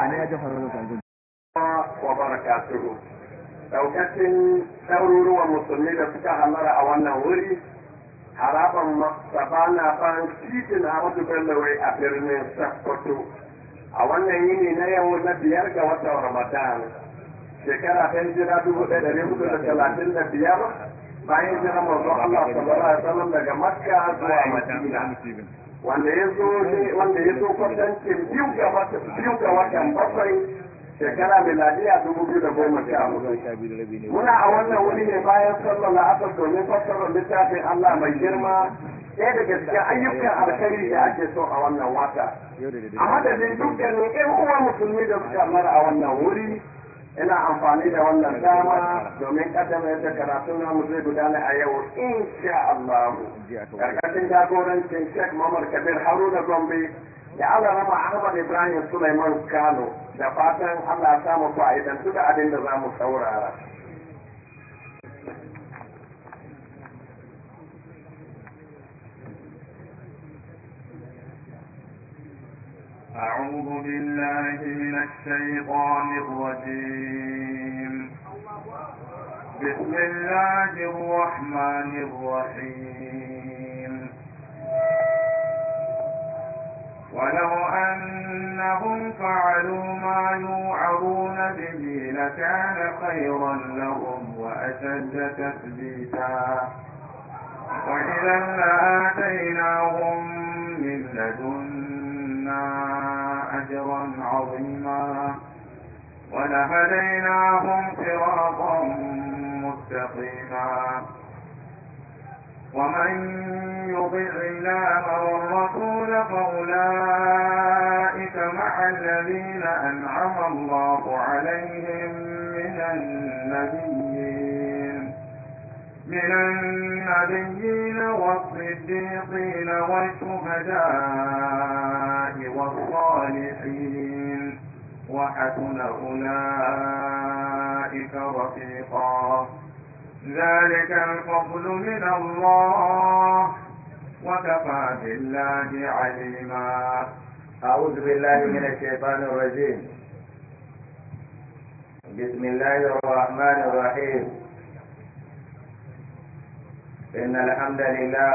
ana ya jafar da zanzu wa musulmi da suka hallara a wannan wuri harabar sabana ban titin ahmadu bello a birnin sakkwato a wannan yini na yau na biyar ga watan ramadan shekara ta hijira dubu da talatin da biyar bayan jira manzon allah daga makka zuwa madina wanda ya zo wanda ya zo kwatancin biyu ga watan biyu ga watan bakwai shekara miladiya dubu biyu da goma sha hudu. Muna a wannan wuri ne bayan sallar la'asar domin fassarar littafin Allah mai girma ɗaya daga cikin ayyukan alkhairi da ake so a wannan wata. A madadin dukkanin ƴan uwa musulmi da suka mara a wannan wuri ina amfani da wannan dama domin kaddama yadda karatu na mu zai gudana a yau insha Allah karkashin jagorancin Sheikh Muhammad Kabir Haruna Gombe da Allah rama Ahmad Ibrahim Sulaiman Kano da fatan Allah samu idan da abin da za mu saurara أعوذ بالله من الشيطان الرجيم بسم الله الرحمن الرحيم ولو أنهم فعلوا ما يوعظون به لكان خيرا لهم وأشد تثبيتا وإذا لآتيناهم من لدن أجرا عظيما ولهديناهم صراطا مستقيما ومن يطع الله والرسول فأولئك مع الذين أنعم الله عليهم من النبيين من النبيين والصديقين والشهداء والصالحين وحسن أولئك رفيقا ذلك الفضل من الله وكفى بالله عليما أعوذ بالله من الشيطان الرجيم بسم الله الرحمن الرحيم إن الحمد لله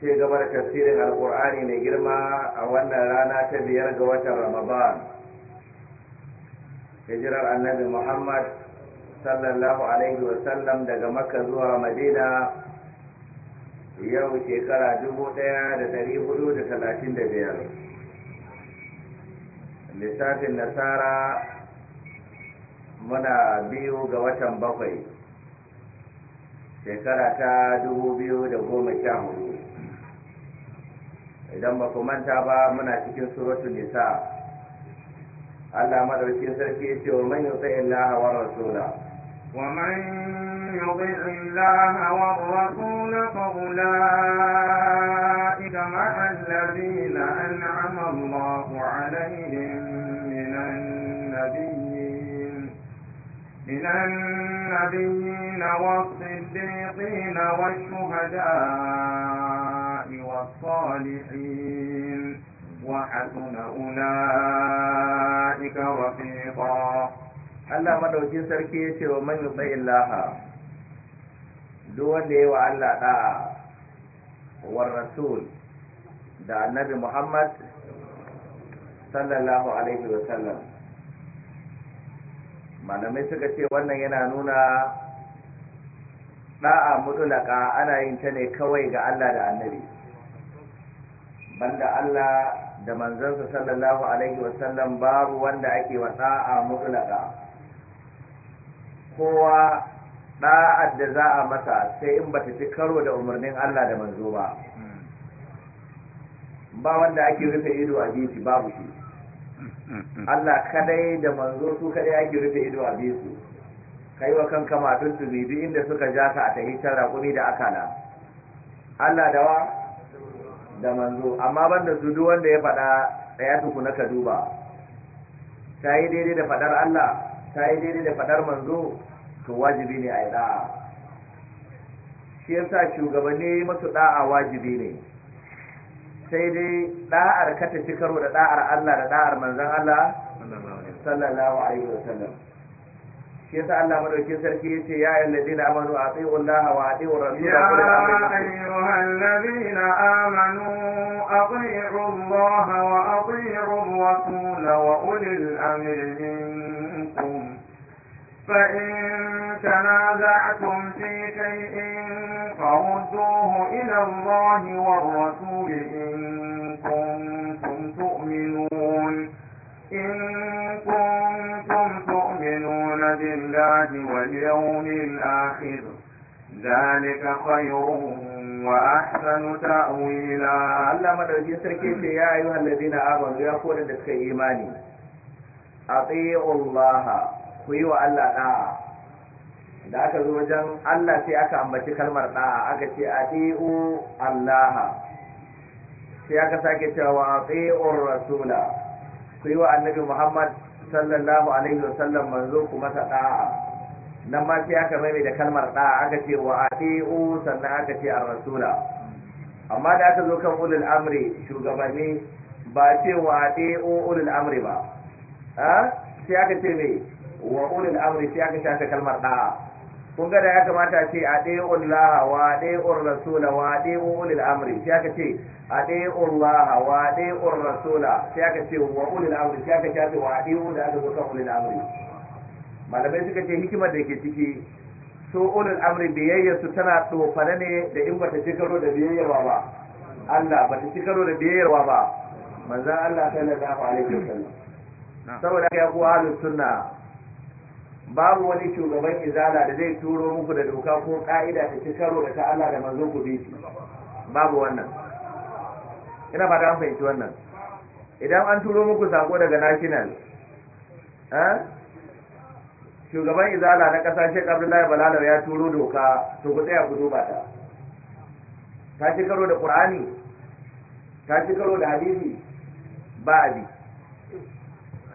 ce gaba da tafsirin alkur'ani mai girma a wannan rana ta biyar ga watan ramadan hijirar annabi muhammad sallallahu alaihi wasallam daga makka zuwa madina yau shekara dubu ɗaya da dari hudu da talatin da biyar lissafin nasara muna biyu ga watan bakwai shekara ta dubu biyu da goma sha hudu idan ba ku manta ba muna cikin suratul nisa Allah madaukakin sarki ya ce wa man yuti illaha wa rasula wa man yuti illaha wa rasula fa ulaika ma'a alladhina an'ama Allahu alaihim minan nabiyyin minan nabiyyin wa wa as-siddiqin ash والشهداء والصالحين وحسن أولئك رفيقا Allah madaukin sarki ya ce wa man yutsai illaha duk wanda ya wa Allah da war rasul da annabi Muhammad sallallahu alaihi wa sallam malamai suka ce wannan yana nuna da'a mutulaka ana yin ta ne kawai ga Allah da annabi banda Allah da manzansa sallallahu alaihi wasallam babu wanda ake wa a mutlaka kowa da'ar da za a masa sai in bata ci karo da umarnin Allah da manzo ba ba wanda ake rufe ido a bisi babu shi Allah kadai da manzo su kadai ake rufe ido a bisu kai wa kanka matun su duk inda suka ja ka a tahitar raƙumi da akala Allah dawa da manzo amma banda su duk wanda ya faɗa ɗaya tukuna ka duba ta yi daidai da faɗar Allah ta yi daidai da faɗar manzo to wajibi ne a yi ɗa'a shi yasa shugabanni masu ɗa'a wajibi ne sai dai ɗa'ar ka ta ci karo da ɗa'ar Allah da ɗa'ar manzon Allah sallallahu alaihi wasallam shi yasa Allah madaukin sarki yace ya ayyuhallazina amanu atiiu Allah wa atiiu rasula ya ayyuhallazina amanu atiiu Allah wa atiiu rasul wa ulil amri minkum فإن تنازعتم في شيء فردوه إلى الله والرسول إن كنتم تؤمنون إن بالله واليوم الآخر ذلك خير وأحسن تأويلا الله ما دوجي سركي يا أيها الذين آمنوا يا لك إيماني suka الله ويو Allah لا da aka zo wajen Allah sai aka ambaci kalmar da aka ce atiiu Allah sai aka sake cewa atiiu rasula ku yi wa annabi Muhammad sallallahu alaihi wa sallam manzo ku masa da'a nan ma sai aka mai da kalmar da'a aka ce wa ati'u sannan aka ce ar-rasula amma da aka zo kan ulul amri shugabanni ba ce wa ati'u ulul amri ba ha sai aka ce me wa ulul amri sai aka ce kalmar da'a kun ga da ya kamata ce a ɗaya ullaha wa ɗaya ur rasula wa ɗaya ulil amri sai aka ce a ɗaya ullaha wa ɗaya ur rasula sai aka ce wa ulil amri sai aka ce wa ɗaya da aka zo kan ulil amri malamai suka ce hikimar da ke ciki su ulil amri biyayya su tana tsofane ne da in bata ci karo da biyayyarwa ba Allah bata ci karo da biyayyarwa ba manzon Allah sallallahu alaihi wasallam saboda ya kuwa ahlus sunna babu wani shugaban izala da zai turo muku da doka ko ka'ida ta ci karo da ta da manzo ku bi babu wannan ina fata an fahimci wannan idan an turo muku sako daga national eh? shugaban izala na ƙasa shek abdullahi balalau ya turo doka to ku tsaya ku duba ta ta ci karo da qur'ani ta ci karo da hadisi ba abi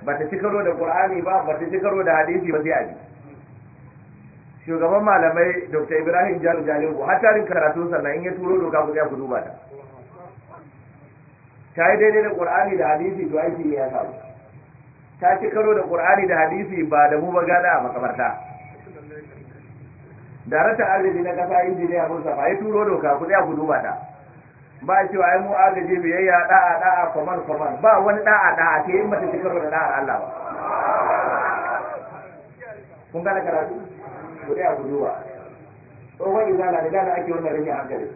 bata ci karo da qur'ani ba bata ci karo da hadisi ba sai a shugaban malamai dr ibrahim jalu jalingo har tarin karatu sannan in ya turo doka ku tsaya ku duba ta ta yi daidai da qur'ani da hadisi to aiki ya samu ta ci karo da qur'ani da hadisi ba da mu ba gada a makabarta Darata arziki na kasa injiniya musa ba ya turo doka ku tsaya ku duba ta ba shi ai mu agaje biyayya da'a da'a kamar kamar ba wani da'a da'a ke yin mata cikar da da'a Allah ba kun gane karatu ku dai a guduwa tsohon izala da gane ake wannan rage hankali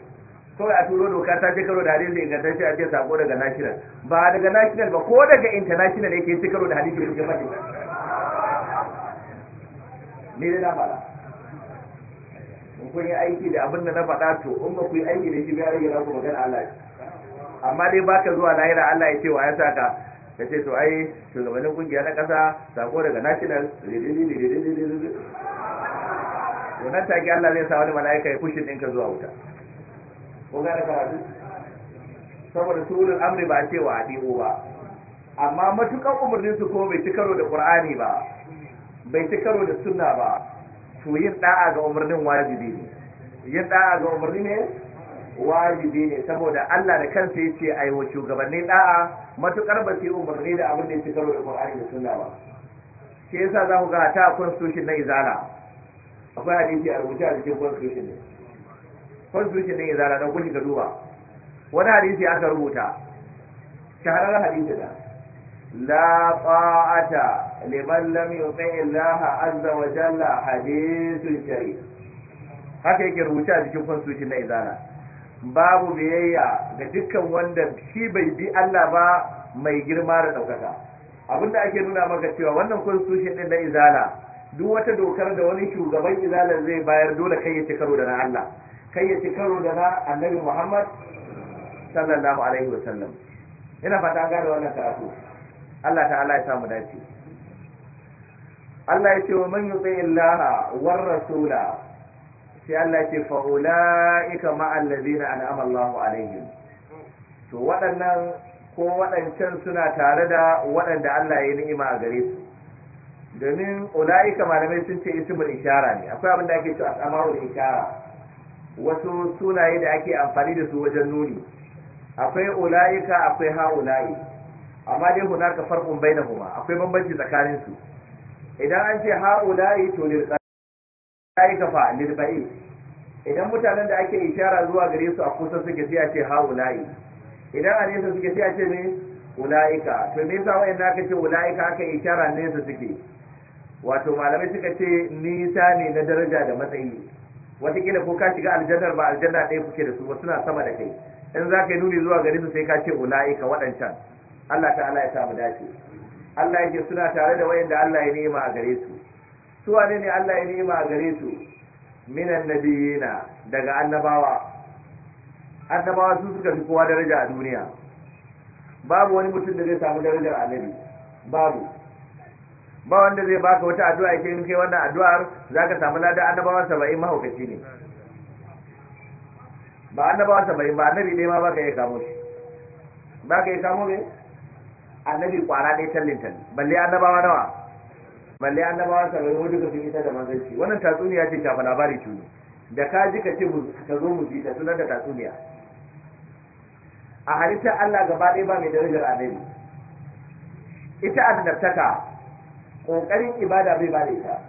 kawai a turo doka ta ce karo da hadisi ingantacce a ce sako daga national ba daga national ba ko daga international yake ci karo da hadisi da ke mace ne da na fara kun yi aiki da abin da na faɗa to in ba ku yi aiki da shi ba ya rage ku magana Allah amma dai baka zuwa lahira Allah ya ce wa ya saka ka ce to ai shugabannin kungiya na ƙasa sako daga national to nan take Allah zai sa wani mala'ika ya fushin ɗinka zuwa wuta ko gane karatu saboda sulul amri ba a ce wa adi'u ba amma matukan umarnin su ko bai ci karo da qur'ani ba bai ci karo da sunna ba su yin da'a ga umarnin wajibi ne yin da'a ga umarni ne wajibi ne saboda Allah da kansa ya ce ai wa shugabannin da'a matukar ba su umarni da abin da ya ci karo da Qur'ani da Sunna ba shi yasa za ku ga ta constitution na izala akwai hadisi a rubuce a cikin constitution ne constitution na izala don kun ka duba wani hadisi aka rubuta shahararren hadisi da la ta'ata liman lam yuti Allah azza wa jalla hadithu sharif haka yake rubuce a cikin fasuci na izala babu biyayya ga dukkan wanda shi bai bi Allah ba mai girma da daukaka abinda ake nuna maka cewa wannan constitution din na izala duk wata dokar da wani shugaban izala zai bayar dole kai ya ci karo da na Allah kai ya ci karo da na Annabi Muhammad sallallahu alaihi wasallam ina fata an gane wannan karatu Allah ta'ala ya samu dace Allah ya ce wa man yuti Allah war rasula sai Allah ya ce fa ulaika ma allazina an'ama Allahu alaihim to waɗannan ko waɗancan suna tare da waɗanda Allah ya yi ni'ima a gare su domin ulaika malamai sun ce ismul isharar ne akwai abin da ake cewa asma'ul ishara wasu sunaye da ake amfani da su wajen nuni akwai ulaika akwai ha'ula'i amma dai hunaka farkon bainahuma akwai bambanci tsakanin su idan an ce ha'ula'i to lilqa'i kafa, fa lilba'i idan mutanen da ake ishara zuwa gare su a kusa suke sai a ce ha'ula'i idan a nesa suke sai a ce ne ula'ika to me yasa wayan naka ce ula'ika aka ishara nesa suke wato malamai suka ce nisa ne na daraja da matsayi watakila ko ka shiga aljannar ba aljanna ɗaya kuke da su ba suna sama da kai in za ka yi nuni zuwa gare su sai ka ce ula'ika waɗancan Allah ta'ala ya samu dace Allah yake suna tare da wayanda Allah ya nema a gare su su wane ne Allah ya nema a gare su minan nabiyina daga annabawa annabawa su suka fi kowa daraja a duniya babu wani mutum da zai samu darajar annabi babu ba wanda zai baka wata addu'a yake in kai wannan addu'ar zaka samu ladan annabawa saba'in mahaukaci ne ba annabawa saba'in ba annabi ne ma baka yi kamo shi baka yi kamo ne annabi kwara ɗaya tallin tallin balle annabawa nawa balle annabawa saba'in wani duka sun yi da manzanci wannan tatsuniya ce shafa labari tuni da ka ji ka ce ka zo mu ji ta sunan da tatsuniya a halittar Allah gaba ɗaya ba mai darajar annabi ita annabtaka ƙoƙarin ibada bai ba da ita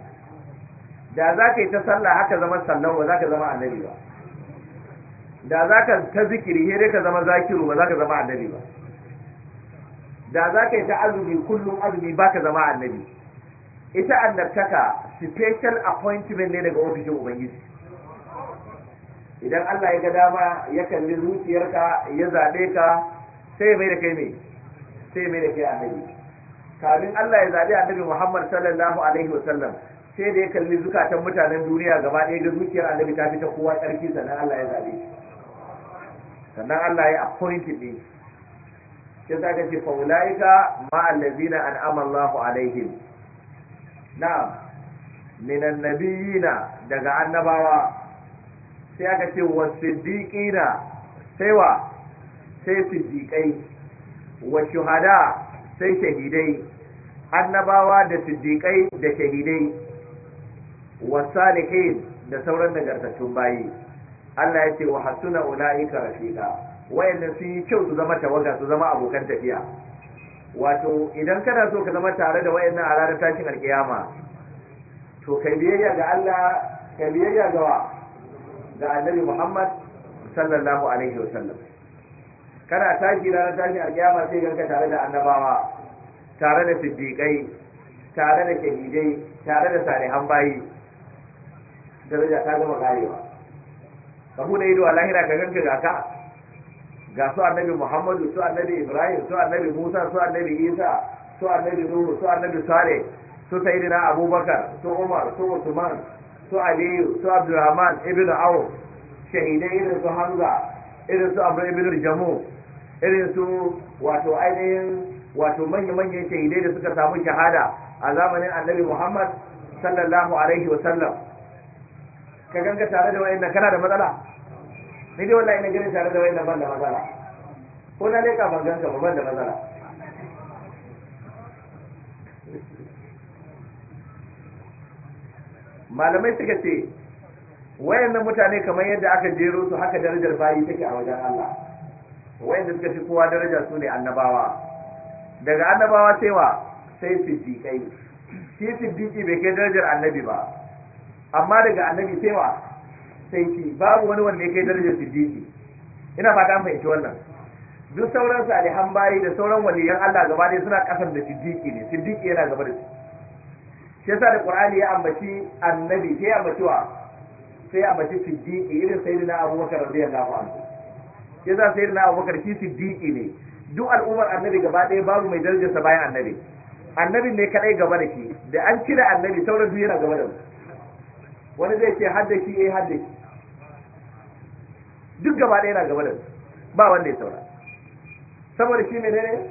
da za ka yi ta sallah haka zama sallan ba za ka zama annabi ba da za ka ta zikiri here ka zama zakiru ba za ka zama annabi ba da za ka yi ta azumi kullum azumi ba ka zama annabi ita annabtaka special appointment ne daga ofishin ubangiji idan Allah ya ga dama ya kalli zuciyarka ya zaɓe ka sai mai da kai mai sai mai da kai annabi kafin Allah ya zaɓe annabi Muhammad sallallahu alaihi wasallam sai da ya kalli zukatan mutanen duniya gaba ɗaya ga zuciyar annabi ta fi ta kowa ƙarfi sannan Allah ya zaɓe sannan Allah ya appointed ne shi sa ka ce fa ulaika ma allazina an'ama Allahu alaihim na'am minan nabiyina daga annabawa sai aka ce wa sai wa sai siddiqai wa shuhada sai shahidai annabawa da siddiqai da shahidai wa salihin da sauran nagartattun bayi Allah ya ce wa hasuna ulaika rafiqa wayannan sun yi kyau su zama tawaga su zama abokan tafiya wato idan kana so ka zama tare da wayannan a ranar tashin alkiyama to kai biyayya ga Allah kai biyayya ga wa ga Annabi Muhammad sallallahu alaihi wa sallam. kana tashi ranar tashin alkiyama sai ganka tare da annabawa tare da siddiqai tare da shahidai tare da salihan bayi daraja ta gama karewa ka bude ido a lahira ka ganka ga ka ga su annabi muhammadu su annabi ibrahim su annabi musa su annabi isa su annabi nuhu su annabi Saleh su sayyidina abubakar su umar su usman su aliyu su abdurrahman ibn awo shahidai irin su hamza irin su abu ibn jamu irin su wato ainihin wato manya-manyan shahidai da suka samu shahada a zamanin annabi muhammad sallallahu alaihi sallam ka ganga tare da wayan kana da matsala ni dai wallahi ina ganin tare da wayannan ban da matsala ko na dai ka ban ganka ban da matsala malamai suka ce wayannan mutane kamar yadda aka jero su haka darajar bayi take a wajen Allah da suka fi kowa daraja su ne annabawa daga annabawa cewa sai siddiƙai shi siddiƙi bai kai darajar annabi ba amma daga annabi cewa sai ce babu wani wanda ya kai darajar siddiqi ina fata an fahimci wannan duk sauran salihan bayi da sauran waliyan Allah gaba dai suna kasar da siddiqi ne siddiqi yana gaba da su shi yasa da qur'ani ya ambaci annabi sai ya ambaci wa sai ya ambaci siddiqi irin sayyidina abubakar radiyallahu anhu shi yasa sayyidina abubakar shi siddiqi ne duk al'ummar annabi gaba ɗaya babu mai darajar sa bayan annabi annabi ne kadai gaba da shi da an cire annabi sauran duk yana gaba da mu wani zai ce haddaki, eh haddaki. duk gaba ɗaya na gaba da su ba wanda ya saura saboda shi mai ne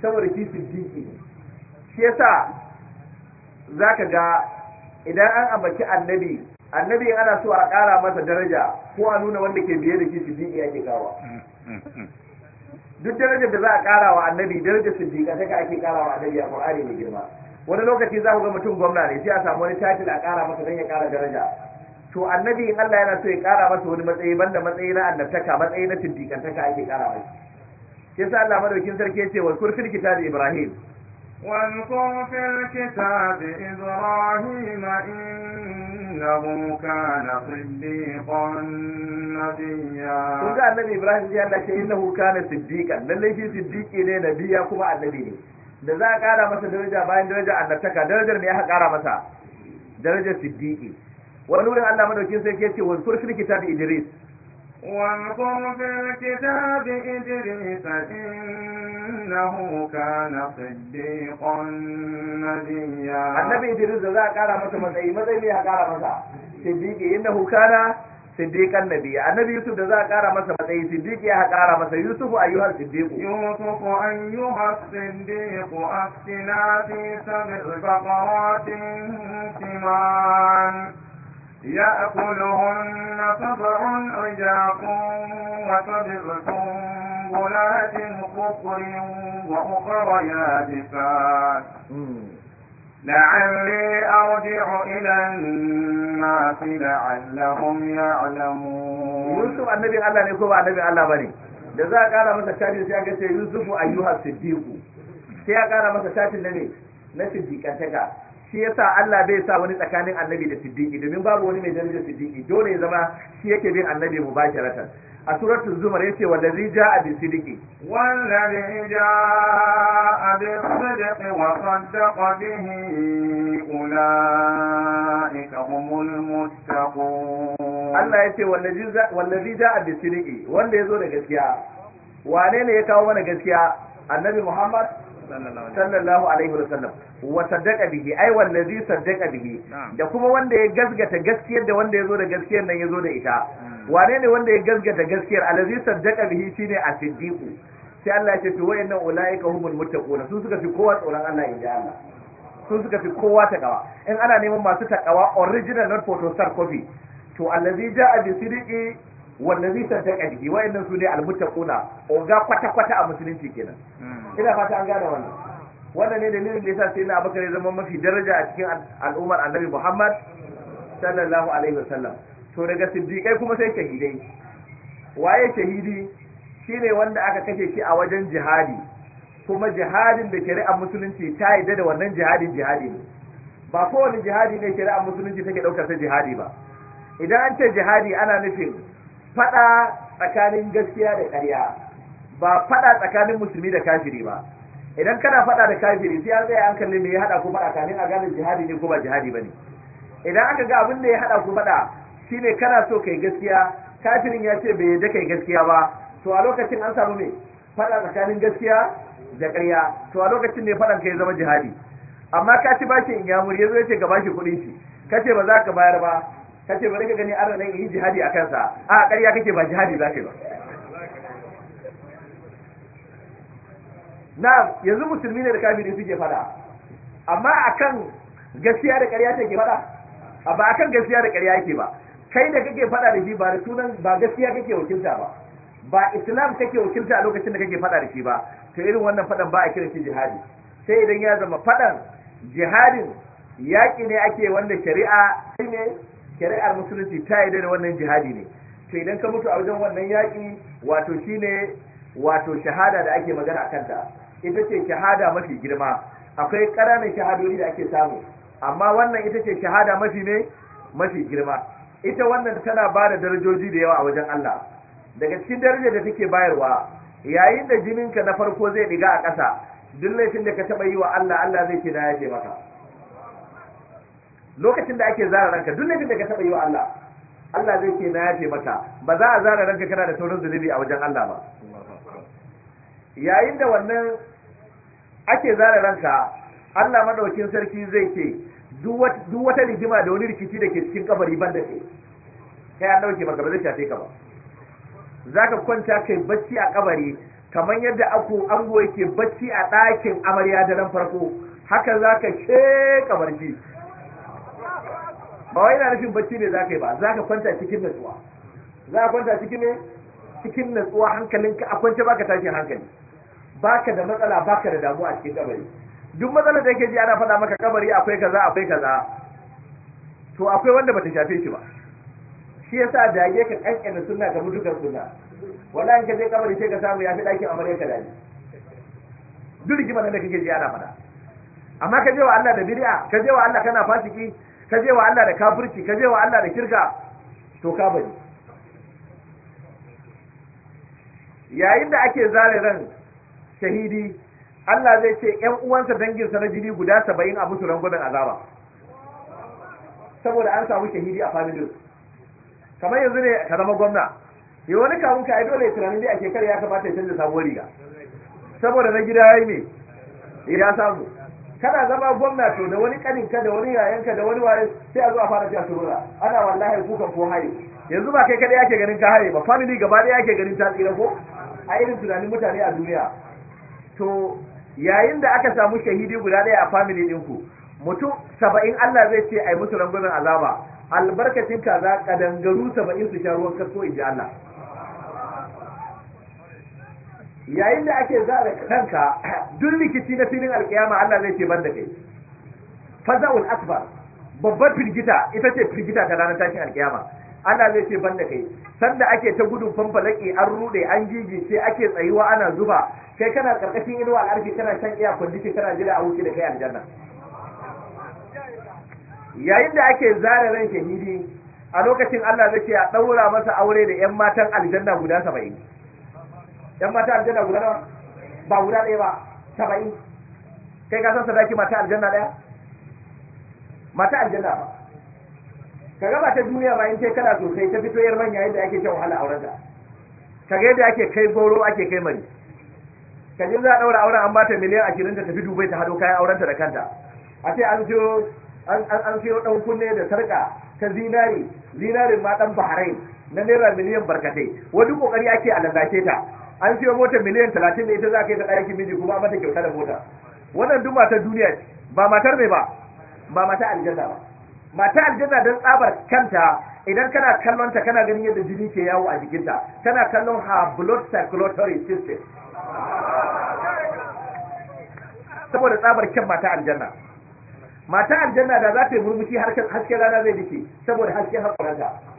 saboda shi siddiqi ne shi za ka ga idan an ambaci annabi annabi ana so a ƙara masa daraja ko a nuna wanda ke biye da shi siddiqi ake kawa duk darajar da za a ƙara wa annabi darajar siddiqa ka ake ƙara wa annabi a Qur'ani mai girma wani lokaci za ku ga mutum gwamna ne sai a samu wani title a ƙara masa don ya ƙara daraja to annabi in Allah yana so ya kara masa wani matsayi banda matsayi na annabtaka matsayi na tintikantaka ake kara masa yasa Allah madaukin sarki ya ce wa kurfil kitabi Ibrahim واذكر في الكتاب إبراهيم إنه كان صديقا نبيا كنت النبي إبراهيم قال لك إنه كان صديقا للي في صديقي ne نبيا kuma annabi ne da za a kara masa daraja bayan daraja annabtaka darajar ne ya kara masa darajar siddiqi wani wurin Allah madaukin sai ke ce wa zur fil kitabi idris wa qul fil kitabi idris innahu kana siddiqan nabiyya annabi idris da za a kara masa matsayi matsayi ne ya kara masa siddiqi innahu kana siddiqan nabiyya annabi yusuf da za a kara masa matsayi siddiqi ya kara masa yusuf ayyuhal siddiq yusuf ayyuhal siddiq aftina fi sab'i baqaratin siman يأكلهن سبع عجاق وسبع سنبلات خضر وأخر يابسات لعلي أرجع إلى الناس لعلهم يعلمون يوسف النبي الله ne ko ba annabi Allah bane da za a kara masa shafin sai aka ce Yusufu ayyuha siddiqu sai a kara masa shafin na ne na siddiqantaka shi yasa Allah bai sa wani tsakanin annabi da siddiqi domin babu wani mai darajar siddiqi dole ya zama shi yake bin annabi mubasharatan a suratul zumar yace wallazi jaa bi siddiqi wallazi jaa bi siddiqi wa saddaqa bihi ulaika humul muttaqun Allah yace wallazi wallazi jaa bi siddiqi wanda yazo da gaskiya wane ne ya kawo mana gaskiya annabi Muhammad sallallahu alaihi wasallam wa saddaqa bihi ai wallazi saddaqa bihi da kuma wanda ya gasgata gaskiyar da wanda yazo da gaskiyar nan yazo da ita hmm. wane ne wanda ya gasgata gaskiyar alazi saddaqa bihi shine as-siddiqu sai Allah ya ce to wayannan ulaika humul muttaquna su suka fi kowa tsoron Allah inda Allah su suka fi kowa ta gawa in ana neman masu takawa original not photo star copy to allazi ja'a bi sidiqi wallazi zai san taka jiki wayannan su ne almuttaquna oga kwata kwata a musulunci kenan hmm. ina fata an gane wannan wannan ne dalilin da yasa sai na abakar ya zama mafi daraja a cikin al'ummar annabi Muhammad sallallahu alaihi wasallam to daga siddiqai kuma sai shahidai waye shahidi shine wanda aka kashe shi a wajen jihadi kuma jihadin da shari'ar musulunci ta yadda da wannan jihadin jihadi ne ba kowane jihadi ne shari'ar musulunci take daukar ta jihadi ba idan an ce jihadi ana nufin faɗa tsakanin gaskiya da ƙarya ba faɗa tsakanin musulmi da kafiri ba idan kana faɗa da kafiri sai an tsaya an kalli me ya haɗa ku faɗa kafin a gane jihadi ne ko ba jihadi ba idan aka ga abin da ya haɗa ku faɗa shine kana so kai gaskiya kafirin ya ce bai yadda kai gaskiya ba to a lokacin an samu me faɗa tsakanin gaskiya da ƙarya to a lokacin ne fadan ka ya zama jihadi amma ka ci bashi in ya muri ya zo ya ce ka bashi kuɗin shi ka ce ba za ka bayar ba kace bari ka gani arna nan yi jihadi a kansa a ƙarya kake ba jihadi za ka yi ba na yanzu musulmi ne da kafiri suke fada amma akan gaskiya da ƙarya take fada ba akan gaskiya da ƙarya yake ba kai da kake fada da shi ba da sunan ba gaskiya kake wakilta ba ba islam kake wakilta a lokacin da kake fada da shi ba to irin wannan fadan ba a kira shi jihadi sai idan ya zama fadan jihadin yaƙi ne ake wanda shari'a ne shari'ar musulunci ta yi da wannan jihadi ne to idan ka mutu a wajen wannan yaƙi wato shi ne wato shahada da ake magana a kanta ita ce shahada mafi girma akwai ƙananan shahadori da ake samu amma wannan ita ce shahada mafi ne mafi girma ita wannan tana ba da darajoji da yawa a wajen Allah daga cikin darajar da take bayarwa yayin da jininka na farko zai diga a ƙasa duk laifin da ka taɓa yi wa Allah Allah zai ce na yafe maka lokacin da ake zara ranka duk laifin da ka taɓa yi wa Allah Allah zai ce na yafe maka ba za a zara ranka kana da sauran zunubi a wajen Allah ba yayin da wannan ake zara ranka Allah madaukin sarki zai ce duk wata rigima da wani rikici da ke cikin kabari ban da ke kai an dauke maka ba zai shafe ka ba zaka kwanta kai bacci a kabari kamar yadda aku ango yake bacci a ɗakin amarya da nan farko haka zaka sheka barci ba wai yana nufin bacci ne za ka yi ba ka kwanta cikin natsuwa za ka kwanta cikin ne cikin natsuwa hankalinka a kwance baka tashin hankali baka da matsala baka da damuwa a cikin kabari duk matsalar da yake ji ana faɗa maka kabari akwai kaza akwai kaza to akwai wanda bata shafe shi ba shi yasa dage ka kankana sunna ga mutukar sunna wallahi ka je kabari sai ka samu yafi dakin amarya ka dani duk rigimar da kake ji ana faɗa amma ka je wa Allah da bid'a ka je wa Allah kana fasiki ka je wa Allah da kafirci ka je wa Allah da kirka to ka bari yayin da ake zare ran shahidi Allah zai ce ‘yan uwansa dangin sa na jini guda saba'in a musu rangwamen azaba saboda an samu shahidi a familin kamar yanzu ne ka zama gwamna yi wani kawun ka dole ya tunanin dai a shekara ya kamata ya canza sabuwar riga saboda na gida ya yi ne ya samu kana zama gwamna to da wani kaninka da wani yayanka da wani waye sai a zo a fara cewa shurura ana wallahi kuka ko haye yanzu ba kai kadai ake ganin ka haye ba family gaba ɗaya ake ganin ta tsira ko a irin tunanin mutane a duniya to yayin da aka samu shahidi guda ɗaya a family ku mutum saba'in Allah zai ce ai musu rangwamen azaba albarkacin ka kadangaru saba'in su sha ruwan kasko in ji Allah yayin da ake zara kanka duk likiti na filin alkiyama Allah zai ce ban da kai faza'ul akbar babbar firgita ita ce firgita ta ranar tashin alkiyama Allah zai ce ban da kai sanda ake ta gudun fanfalaki an rude an sai ake tsayuwa ana zuba kai kana karkashin inuwa al'arfi kana shan iya kwandishin kana jira a wuce da kai aljanna yayin da ake zara ran shahidi a lokacin Allah zai ce a ɗaura masa aure da 'yan matan aljanna guda saba'in yan mata aljanna guda nawa ba guda ɗaya ba saba'in kai ka san sadaki mata aljanna ɗaya mata aljanna ba ka gaba ta duniya ba in kai kana sosai ta fito yar manya yadda ake shan wahala auren ka ka ga yadda ake kai goro ake kai mari ka ji za a ɗaura auren an bata miliyan ashirin ta tafi dubai ta hado kayan auren ta da kanta a ce an siyo an siyo ɗan kunne da sarƙa ta zinari zinarin ma ɗan bahrain na naira miliyan barkatai wani ƙoƙari ake a lalace ta an siyo motar miliyan talatin da ita za ka yi ta ɗakin miji kuma a mata kyauta da mota wannan duk matar duniya ce ba matar mai ba ba mata aljanna ba mata aljanna don tsabar kanta idan kana kallon ta kana ganin yadda jini ke yawo a jikinta kana kallon ha blood circulatory system saboda tsabar kyan mata aljanna mata aljanna da za ta yi murmushi hasken rana zai dike saboda hasken haƙoranta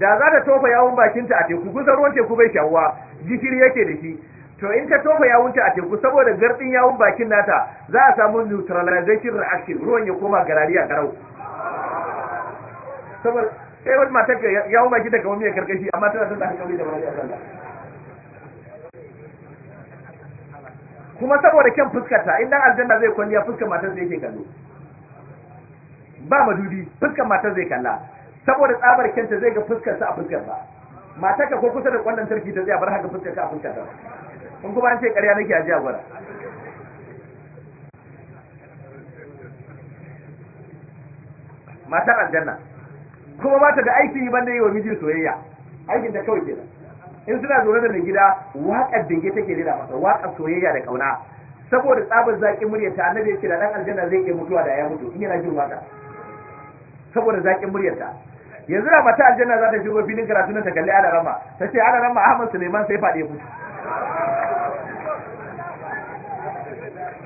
da za ta tofa yawun bakinta a teku kusan ruwan teku bai shawuwa jikiri yake da shi to in ta tofa ta a teku saboda gardin yawun bakin nata za a samu neutralization reaction ruwan ya koma garari a garau saboda sai wani matar ka yawun baki daga wani ya karkashi amma tana tana kauri da wani a kuma saboda kyan fuskata in aljanna zai kwalliya fuskar matar zai ke kallo ba madubi fuskar matar zai kalla saboda tsabar kenta zai ga fuskar sa a fuskar ba mata ka ko kusa da kwallon sarki ta tsaya bar haka fuskar ka a fuskar ta kun kuma an ce ƙarya nake a jiya gwada matar aljanna kuma mata da aiki yi banda yi wa mijin soyayya aikin ta kawai kenan in suna zaune da mai gida waƙar dinge take rera masa waƙar soyayya da kauna saboda tsabar zaƙin muryarta annabi ya ce da ɗan aljanna zai iya mutuwa da ya mutu in yana jin waƙa saboda zaƙin muryarta yanzu da mata aljanna za ta shigo filin karatu na ta kalli ala rama ta ce ala rama ahmad suleiman sai faɗe mutu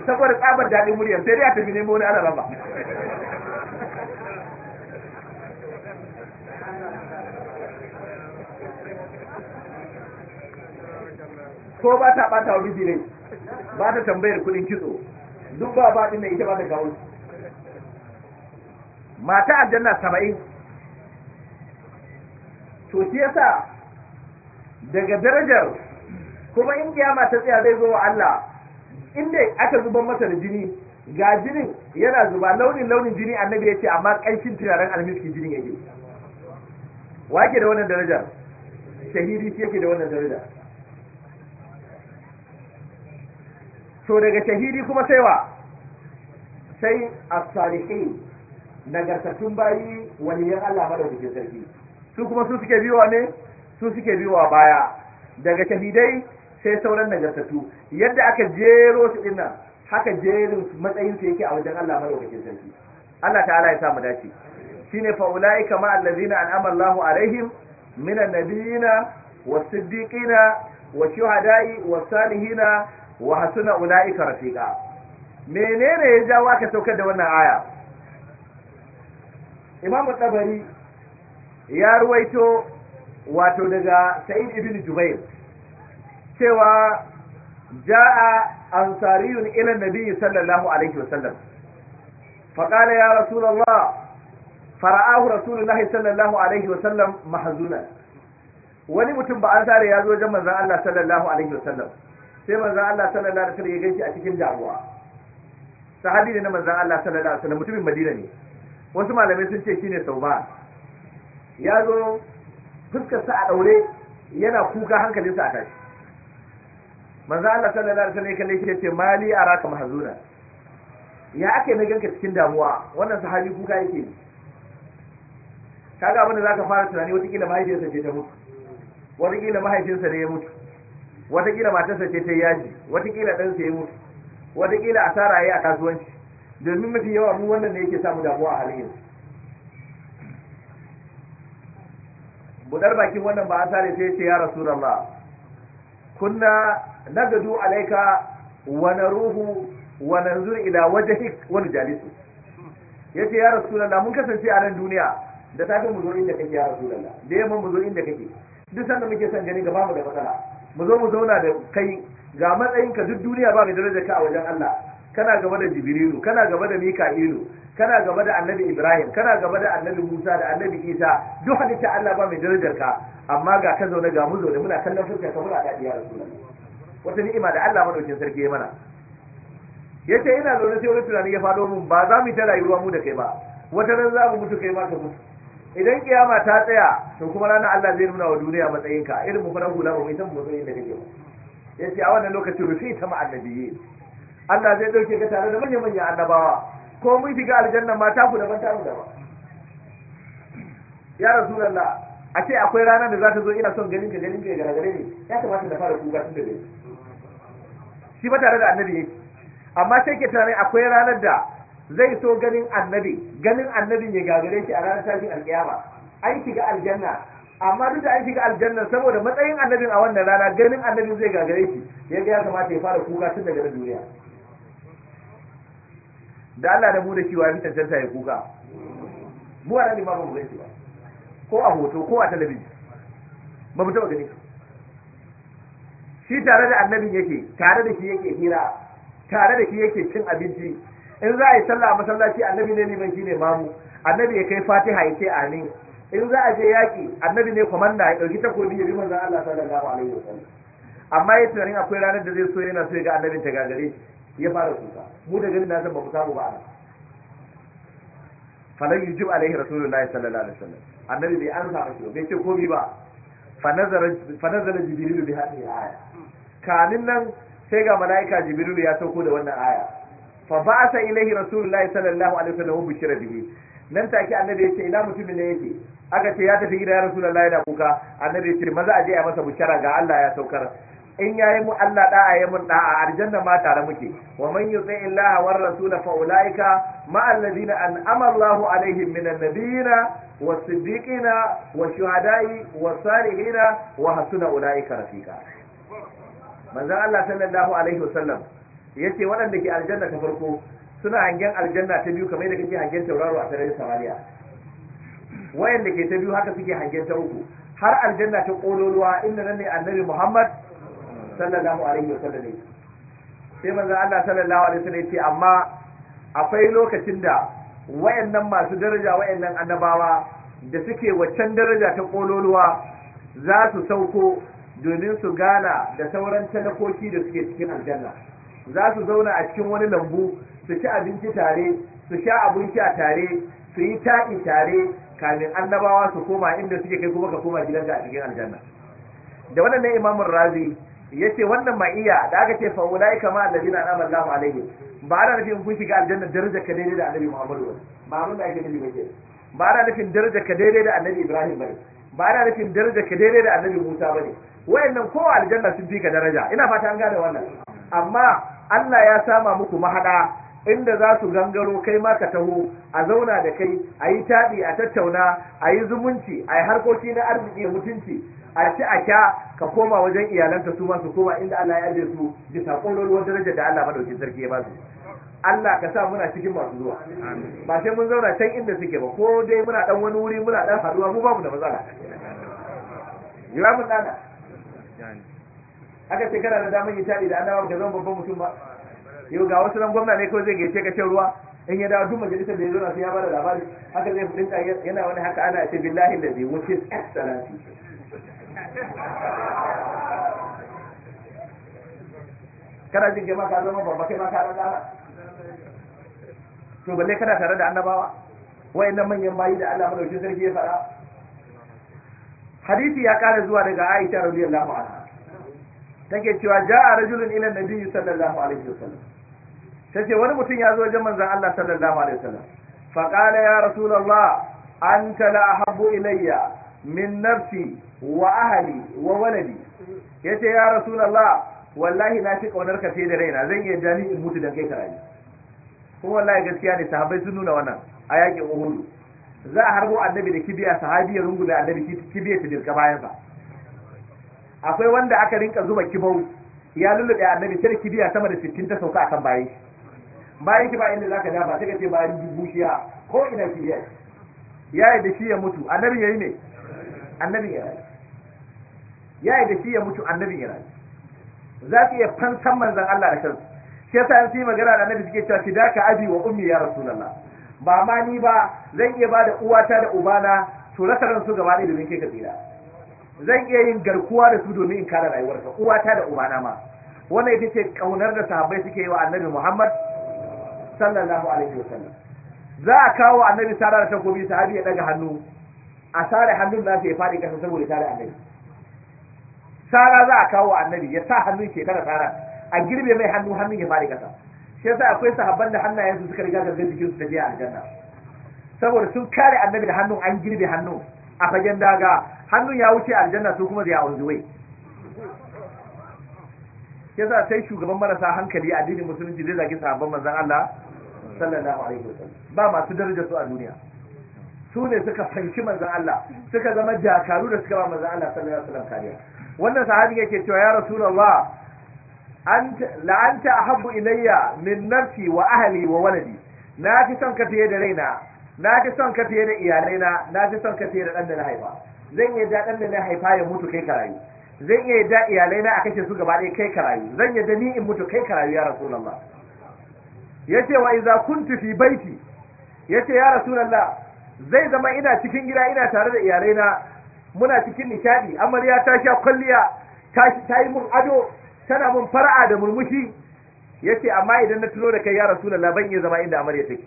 saboda tsabar daɗin muryar sai dai a tafi nemo wani ala rama ko ba ta ɓata wa miji rai ba ta tambayar kuɗin kitso duk ba ba ɗin ita ba ta kawo mata aljanna saba'in to shi yasa daga darajar kuma in kiyama ta tsaya zai zo wa Allah inda aka zuban masa da jini ga jinin yana zuba launin launin jini annabi ya ce amma ƙanshin turaren almiski jini yake wake da wannan darajar shahidi shi yake da wannan darajar to daga shahidi kuma sai wa sai as-salihin nagartattun bayi waliyan Allah da madaukakin sarki su kuma su suke biwa ne su suke baya daga shahidai sai sauran nagartattu yadda aka jero su nan, haka jerin matsayin su yake a wajen Allah madaukakin sarki Allah ta'ala ya sa mu dace shine fa ulaika ma allazina an'ama Allahu alaihim minan nabiyina was-siddiqina wash-shuhada'i was-salihina wa hasuna ulaika rafiqa menene ya jawo aka saukar da wannan aya imamu tabari ya ruwaito wato daga sa'id ibn jubair cewa ja'a ansariyun ila nabi sallallahu alaihi wasallam فقال يا ya الله فرآه رسول الله صلى الله عليه وسلم wani mutum ba an sare ya zo wajen manzon Allah sallallahu alaihi wasallam sai manzon Allah sallallahu alaihi wasallam ya gaishe a cikin damuwa sahabi ne na manzon Allah sallallahu alaihi wasallam mutumin Madina ne wasu malamai sun ce ne sau ba ya zo fuskarsa a ɗaure yana kuka hankalinsa a tashi manzo Allah sallallahu alaihi wasallam kalle shi yace mali araka mahzuna ya ake na ganka cikin damuwa wannan sahabi kuka yake ne kaga abin za zaka fara tunani watakila mahaifiyarsa ce ta mutu watakila mahaifinsa ne ya mutu watakila matarsa ce ta yaji watakila ɗansa ya mutu watakila asara yayi a kasuwanci domin mafi yawa mu wannan ne yake samu damuwa a halin yanzu budar bakin wannan ba sare sai ce ya rasu rasulullah kunna nagadu alaika wa ruhu wa zuri ila wajhik wa najalisu yace ya rasu rasulullah mun kasance a nan duniya da fi mu zo inda kake ya rasulullah da yamma mu zo inda kake duk sanda muke son gani gaba mu da matsala mu zo mu zauna da kai ga matsayinka duk duniya ba mai darajar ka a wajen Allah kana gaba da jibrilu kana gaba da mika'ilu kana gaba da annabi ibrahim kana gaba da annabi musa da annabi isa duk halitta allah ba mai darajar ka amma ga ka zaune ga mu zaune muna kallon fuska ka muna daɗi ya rasulullah wata ni'ima da allah madaukin sarki ya mana yace ina zaune sai wani tunani ya faɗo mun ba za mu ta rayuwa mu da kai ba wata ran za mu mutu kai ma ka mutu idan kiyama ta tsaya to kuma ranar allah zai nuna wa duniya matsayinka irin mu fara hula ba mu san matsayin da kake ba yace a wannan lokacin rufi ta ma'annabiyin Allah zai dauke ka tare da manyan manyan annabawa ko mun shiga aljanna ma ku daban da ba. ya rasulullah a ce akwai ranar da za ta zo ina son ganin ka ganin ka ya gare ne ya kamata da fara kuka tun da dai shi ba tare da annabi yake amma sai ke tunanin akwai ranar da zai so ganin annabi ganin annabin ya gagare shi a ranar tashin alkiyama an shiga aljanna amma duk da an shiga aljanna saboda matsayin annabin a wannan rana ganin annabin zai gagare shi ya ga ya kamata ya fara kuka tun daga duniya da Allah da mu da shi wa fi ya kuka mu a nan ba mu gani ba ko a hoto ko a talabijin ba mu taba gani shi tare da annabin yake tare da shi yake hira tare da shi yake cin abinci in za a yi sallah a masallaci annabi ne liman shi ne mamu annabi ya kai fatiha ya ce amin in za a je yaki annabi ne na, ya ɗauki takobi ya bi manzon Allah sallallahu alaihi wasallam amma ya tunanin akwai ranar da zai so yana so ya ga annabin ta gagare ya fara kuka mu da ganin nasan ba mu samu ba a falan yujib alaihi rasulullahi sallallahu alaihi wasallam annabi bai ansa masa bai ce komai ba fa nazara fa nazara jibril bi hadhihi aya kanin nan sai ga malaika jibril ya sauko da wannan aya fa ba'atha ilaihi rasulullahi sallallahu alaihi wasallam bushira bihi nan take annabi ya ce ina mutumin ne yake aka ce ya tafi gida ya rasulullahi da kuka annabi ya ce maza a je a masa bushara ga Allah ya saukar in yayi mu Allah da'a ya mun da'a aljanna ma tare muke wa man yuti illaha war rasul fa ulaika ma alladhina an'ama Allahu alaihim minan nabiyina was-siddiqina wash-shuhada'i was-salihina wa hasuna ulaika rafiqa manzo Allah sallallahu alaihi wasallam yace waɗanda ke aljanna ta farko suna hangen aljanna ta biyu kamar da kake hangen tauraro a sararin samariya wayanda ke ta biyu haka suke hangen ta uku har aljanna ta kololuwa inda nan ne annabi Muhammad sallallahu alaihi wa sallam sai manzo Allah sallallahu alaihi wa sallam ce amma akwai lokacin da wayannan masu daraja wayannan annabawa da suke waccan daraja ta kololuwa za su sauko domin su gana da sauran talakoki da suke cikin aljanna za su zauna a cikin wani lambu su ci abinci tare su sha abinci a tare su yi taƙi tare kamin annabawa su koma inda suke kai kuma ka koma gidanka a cikin aljanna da wannan ne imamun razi yace wannan ma iya da aka ce fa ulai kama alladina anama Allahu alaihi ba da nufin kun shiga aljanna daraja ka daidai da annabi Muhammadu ba abin da ake nufi ba ke ba da nufin daraja ka daidai da annabi Ibrahim ba. ba da nufin daraja ka daidai da annabi Musa ne. wayannan kowa aljanna sun fi ka daraja ina fata an gane wannan amma Allah ya sama muku mahada inda za su gangaro kai ma ka taho a zauna da kai a yi taɗi a tattauna a yi zumunci a yi harkoki na arziki mutunci a ci a kya ka koma wajen iyalanka su ma su koma inda Allah ya ajiye su bisa ƙololuwar daraja da Allah madaukin sarki ya ba su Allah ka sa muna cikin masu zuwa ba sai mun zauna can inda suke ba ko dai muna dan wani wuri muna dan haduwa mu babu da matsala yura mun dana aka ce kana da damar itali da annabawa ka zama babban mutum ba yau ga wasu nan gwamna ne kawai zai gece ka shan ruwa in ya dawo duk majalisar da ya zauna sai ya bada labari haka zai fudin yana wani haka ana ce billahi da zai wuce excellency kada jin jama'a ka zama babba kai ma ka rasa to balle kada tare da annabawa wayannan manyan bayi da Allah madaukakin sarki ya fara hadisi ya kare zuwa daga Aisha radiyallahu anha take cewa ja'a rajulun ila nabi sallallahu alaihi wasallam tace wani mutum ya zo wajen manzon Allah sallallahu alaihi wasallam fa qala ya rasulullah anta la ahabbu ilayya min nafsi wa ahli wa waladi yace ya rasulullah wallahi na fi kaunar ka sai da raina zan iya jani in mutu dan kai ka rayu kuma wallahi gaskiya ne sahabbai sun nuna wannan a yakin Uhuru. za a harbo annabi da kibiya sahabiyar rungula annabi kibiya ta dirka bayan sa akwai wanda aka rinka zuba kibau ya lullube annabi sai kibiya sama da 60 ta sauka akan bayan shi bayan ki ba inda zaka da ba sai ka ce bayan bushiya ko ina kibiya ya yi da shi ya mutu annabi yayi ne annabin ya rayu ya yi da shi ya mutu annabin ya rayu za su iya fansan manzan Allah da kansu shi yasa yin yi magana da annabi suke cewa daka abi wa ummi ya lalla ba ma ni ba zan iya bada uwata da ubana to rasa ran su gaba ɗaya domin kai ka tsira zan iya yin garkuwa da su domin in kare rayuwarsa uwata da ubana ma wannan ita ce kaunar da sahabbai suke yi wa annabi Muhammad sallallahu alaihi wasallam za a kawo annabi sara da takobi sahabi ya daga hannu a sare hannun nasu ya faɗi ƙasa saboda sare annabi sara za a kawo annabi ya sa hannun ke kada sara a girbe mai hannu hannun ya faɗi ƙasa shi yasa akwai sahabban da hannayensu suka riga gargar jikin su tafiya aljanna saboda sun kare annabi da hannun an girbe hannun a fagen daga hannun ya wuce aljanna su kuma zai on the yasa sai shugaban marasa hankali a addinin musulunci zai zagi sahabban manzon Allah sallallahu alaihi wasallam ba masu darajar su a duniya su ne suka fanshi manzon Allah suka zama jakaru da suka ba manzon Allah sallallahu alaihi wasallam kariya wannan sahabi yake cewa ya rasulullah anta la anta ahabbu ilayya min nafsi wa ahli wa waladi na fi son ka fiye da raina na fi son ka fiye da iyalaina na fi son ka fiye da dan da na haifa zan iya da dan da na haifa ya mutu kai karayu zan iya da iyalaina a kashe su gaba ɗaya kai karayu zan yadda ni in mutu kai karayu ya rasulullah yace wa idza kuntu fi baiti yace ya rasulullah zai zama ina cikin gida ina tare da iyalaina, muna cikin nishadi amarya ta sha kwalliya ta yi mun ado tana mun fara'a da murmushi yace amma idan na tuno da kai ya rasulullah ban iya zama inda amarya take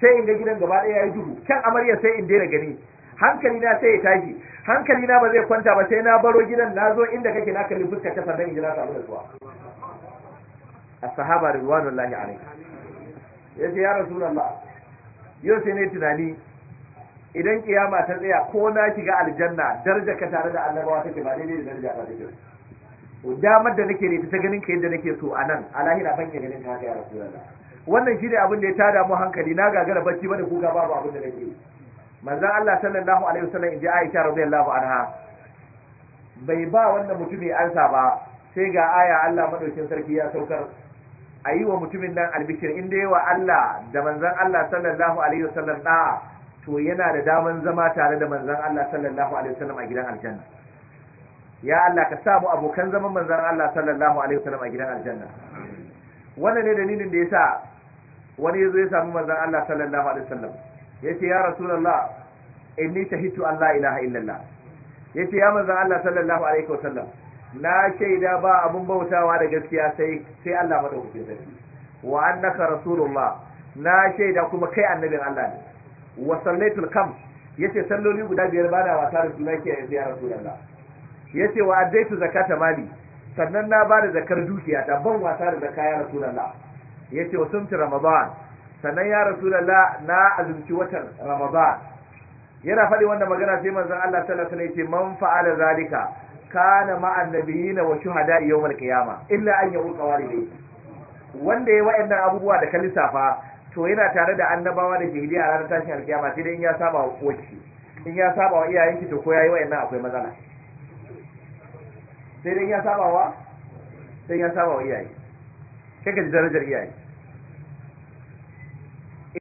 sai in ga gidan gaba ɗaya yayi duhu kan amarya sai in daina gani hankali na sai ya tashi hankali na ba zai kwanta ba sai na baro gidan na zo inda kake na kalli fuska ta sannan in jira ka zuwa as-sahaba ridwanullahi alaihi yace ya rasulullah yau sai ne tunani idan kiyama ta tsaya ko na shiga aljanna daraja ka tare da annabawa take ba daidai da daraja ta take damar da nake ne ta ganin ka yadda nake so a nan a na ban ganin ka haka ya rasulullah wannan shi ne abin da ya tada mu hankali na gagara bacci ba da kuka babu abin da nake manzon Allah sallallahu alaihi wasallam inji Aisha radiyallahu anha bai ba wannan mutumin ansa ba sai ga aya Allah madaukin sarki ya saukar a yi wa mutumin nan albishir inda yawa Allah da manzan Allah sallallahu alaihi wasallam da'a to yana da daman zama tare da manzon Allah sallallahu alaihi wasallam a gidan aljanna ya Allah ka samu abokan zaman manzon Allah sallallahu alaihi wasallam a gidan aljanna wannan ne dalilin da yasa wani yazo ya samu manzon Allah sallallahu alaihi wasallam yace ya rasulullah inni tahitu an la ilaha illallah yace ya manzon Allah sallallahu alaihi wasallam na shaida ba abun bautawa da gaskiya sai sai Allah madaukakin sarki wa annaka rasulullah na shaida kuma kai annabin Allah ne wa sallaitul kam yace salloli guda biyar bana wasa da suna ke yanzu ya rasulullah yace wa addaitu zakata mali sannan na ba da zakar dukiya da ban wasa da zakka ya rasulullah yace wa sumtu ramadan sannan ya rasulullah na azumci watan ramadan yana faɗi wannan magana sai manzon Allah sallallahu alaihi wasallam yace man fa'ala zalika kana ma'an nabiyina wa shuhada yawmal qiyamah illa an yaqul walidayhi wanda ya wa'annan abubuwa da ka fa, to yana tare da annabawa da shahidi a ranar tashin alkiyama sai dai in ya saba wa kowace in ya saba wa iyayenki to ko yayi wa'annan akwai matsala sai dai ya saba wa sai ya saba wa iyaye ka ji darajar iyaye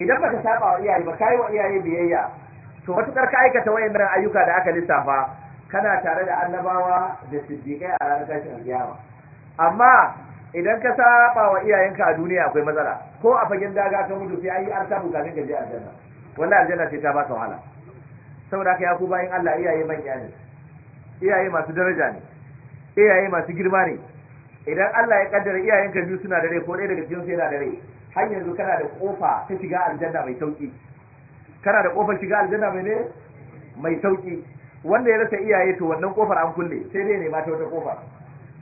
idan baka saba wa iyaye ba yi wa iyaye biyayya to matuƙar ka aikata wa'annan ayyuka da aka lissafa kana tare da annabawa da siddiƙai a ranar tashin alkiyama amma idan ka saba wa iyayenka a duniya akwai matsala ko a fagen daga ta mutu sai ayi yi buka kafin gaje aljanna wannan aljanna sai ta ba ta wahala saboda haka ya ku bayin Allah iyaye manya ne iyaye masu daraja ne iyaye masu girma ne idan Allah ya kaddara ka biyu suna da rai ko ɗaya daga cikin su yana da rai har yanzu kana da kofa ta shiga aljanna mai sauki kana da kofar shiga aljanna mai ne mai sauki wanda ya rasa iyaye to wannan kofar an kulle sai dai ne mata wata kofa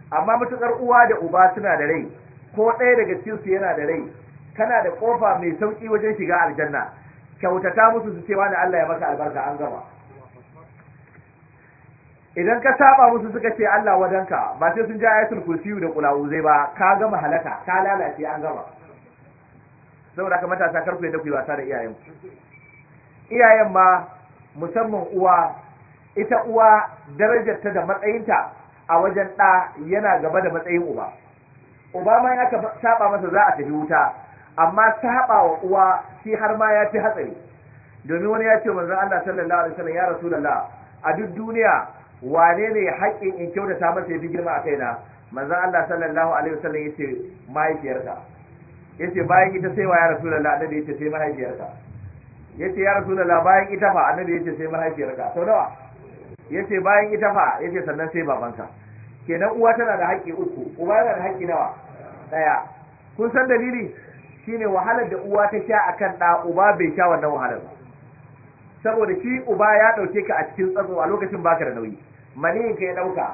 amma mutukar uwa da uba suna da rai ko ɗaya daga cikin su yana da rai kana da kofa mai sauki wajen shiga aljanna kyautata musu su ce Allah ya maka albarka an gama idan ka saba musu suka ce Allah wadanka ba sai sun ja ayatul kursi da kulawu zai ba ka gama halaka ka lalace an gama saboda ka matasa karfe da ku yi wasa da iyayen iyayen ma musamman uwa ita uwa darajarta da matsayinta a wajen ɗa yana gaba da matsayin uba uba ma in aka saba masa za a tafi wuta amma saba wa uwa shi har ma ya fi hatsari domin wani ya ce manzon Allah sallallahu alaihi wasallam ya rasulullah a duk duniya wane ne haƙƙin in kyautata masa ya fi girma a kaina manzon Allah sallallahu alaihi wasallam ya ce mahaifiyarka ya ce bayan ita sai wa ya rasulullah annabi ya ce sai mahaifiyarka ya ce ya rasulullah bayan ita fa annabi ya ce sai mahaifiyarka sau nawa ya ce bayan ita fa ya ce sannan sai babanka kenan uwa tana da haƙƙi uku uba yana da haƙƙi nawa ɗaya kun san dalili shine wahalar da uwa ta sha akan ɗa uba bai sha wannan wahalar ba saboda shi uba ya ɗauke ka a cikin tsatso a lokacin baka da nauyi maniyin ka ya ɗauka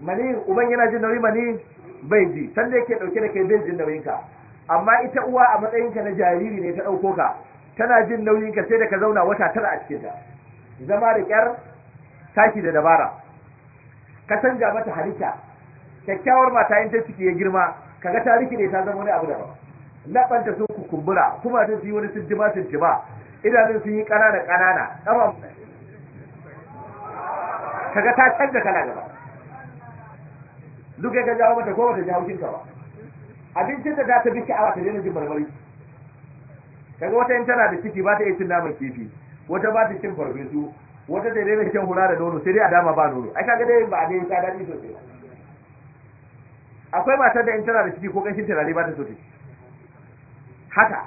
maniyin uban yana jin nauyi maniyin bai ji sanda yake ɗauke da kai bai jin nauyin ka amma ita uwa a matsayinka na jariri ne ta ɗauko ka tana jin nauyin ka sai da ka zauna wata tara a cikin ta zama da kyar tashi da dabara ka canja mata halitta kyakkyawar mata in ta ciki ya girma Ka ga ta ne ta zama wani abu daban labanta sun ku kumbura kuma ta su yi wani sintima sintima idanun sun yi ƙanana ƙanana ƙafa kaga ta canza kana gaba duk ga jawo mata ko wata ji haushin ka ba abincin da za ta bi sha'awa ta daina jin marmari kaga wata in tana da ciki ba ta iya cin naman kifi wata ba ta cin farfesu wata ta daina shan hula da nono sai dai a dama ba nono ai kaga dai ba a daina daɗi sosai akwai matar da in tana da ciki ko ƙanshin turare ba ta so ta ci haka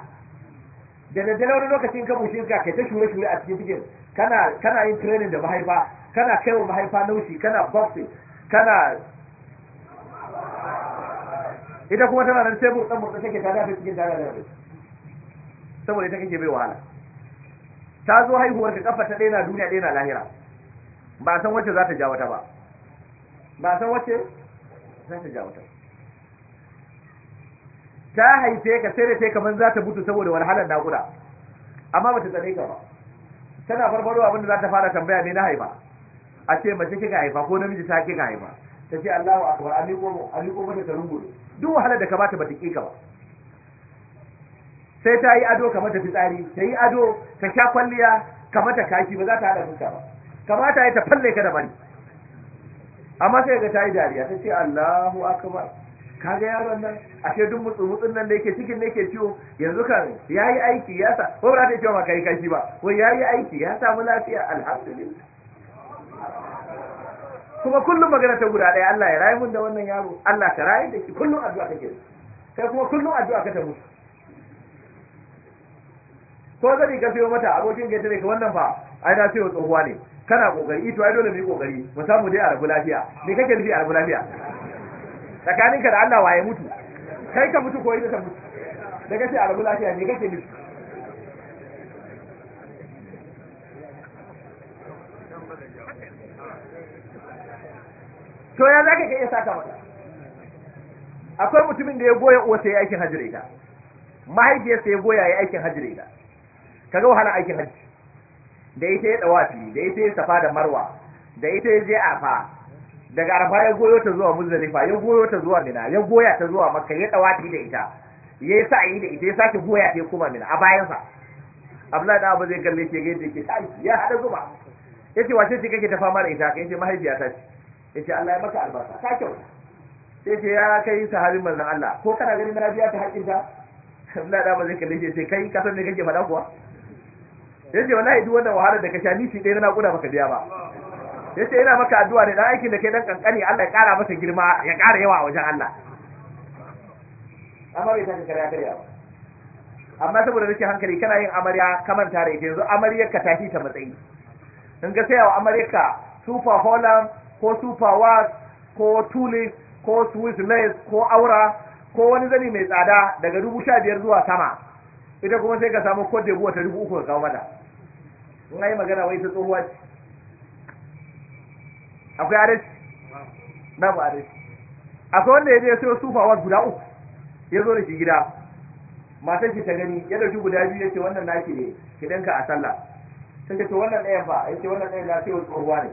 da na wani lokacin ka bushe ka kai ta shure shure a cikin cikin kana kana yin training da mahaifa kana kaiwa mahaifa naushi kana boxing kana ita kuma tana nan sai ɗan burtsan take ta dafe cikin tare da saboda ita kake bai wahala ta zo haihuwar ka kafa ta daina duniya daina lahira ba san wacce za ta ja wata ba ba san wacce za ta ja wata ba ta haife ka sai da sai kamar za ta mutu saboda wahalar naƙuda amma ba ta tsare ka ba tana farfaro abinda za ta fara tambaya ne na haifa a ce mace kika haifa ko namiji ta kika haifa ta ce Allahu akbar Ali ko an ko mata ta duk wahalar da ka bata ba ta kika ba sai ta yi ado kamar ta fitsari ta yi ado ta sha kwalliya kamar ta kaki ba za ta hada fuska ba kamata ya ta falle ka da bari amma sai ga ta yi dariya ta ce Allahu akbar kaga yaron nan ashe duk mutsu mutsun nan da yake cikin da yake ciwo yanzu kan yayi aiki ya sa ko ba ta ce ma kai kashi ba ko yayi aiki ya samu lafiya alhamdulillah kuma kullum magana ta guda ɗaya Allah ya rayu mun da wannan yaro Allah ka rayu da shi kullum addu'a kake kai kuma kullum addu'a ka ta mutu ko zani ka sayo mata abokin gaita ne ka wannan fa ai na sayo tsohuwa ne kana kokari ito ai dole mu yi kokari mu samu dai a rabu lafiya me kake nufi a rabu lafiya tsakaninka da Allah waye mutu kai ka mutu ko ita ta mutu da kace a rabu lafiya ne kake mutu to ya zaka kai ya saka mata akwai mutumin da ya goya uwa sai aikin hajjira ita mahaifiyar sai ya goya ya aikin hajjira ita kaga wahala aikin hajji da ita ya dawafi da ita ya safa da marwa da ita ya je afa daga arafa ya goyo ta zuwa muzdalifa ya goyo ta zuwa mina ya goya ta zuwa makka ya tsawafi da ita ya yi sa'ayi da ita ya sake goya ta kuma mina a bayansa abdullahi da abu zai kalle ke yadda ke kai ya hada zuba yace wace ce kake ta fama da ita kai yace mahaifiya ta ce yace Allah ya maka albasa ta kyau sai ce ya kai halin manzon Allah ko kana ganin na biya ta haƙin ta abdullahi da abu zai kalle ke sai kai ka san me kake faɗa kuwa yace wallahi duk wannan wahalar da ka sha ni shi ɗaya na kuda baka biya ba ce yana maka addu'a ne dan aikin da ke dan kankani Allah ya kara masa girma ya kara yawa a wajen Allah amma bai taka karya ba amma saboda rikin hankali kana yin amarya kamar da ita yanzu amaryar ka tafi ta matsayi in ga sayawa amarya ka super holland ko super wax ko tulip ko swiss lace ko aura ko wani zani mai tsada daga dubu sha biyar zuwa sama ita kuma sai ka samu cote ta dubu uku ka kawo mata in magana wai ta tsohuwa ce akwai adalci babu adalci akwai wanda ya je sai sufa wa guda uku ya zo da shi gida matar shi ta gani ya dauki guda biyu yace wannan naki ne ki danka a sallah sai ta ce wannan ɗayan fa yace wannan ɗayan lafiya sai wa tsohuwa ne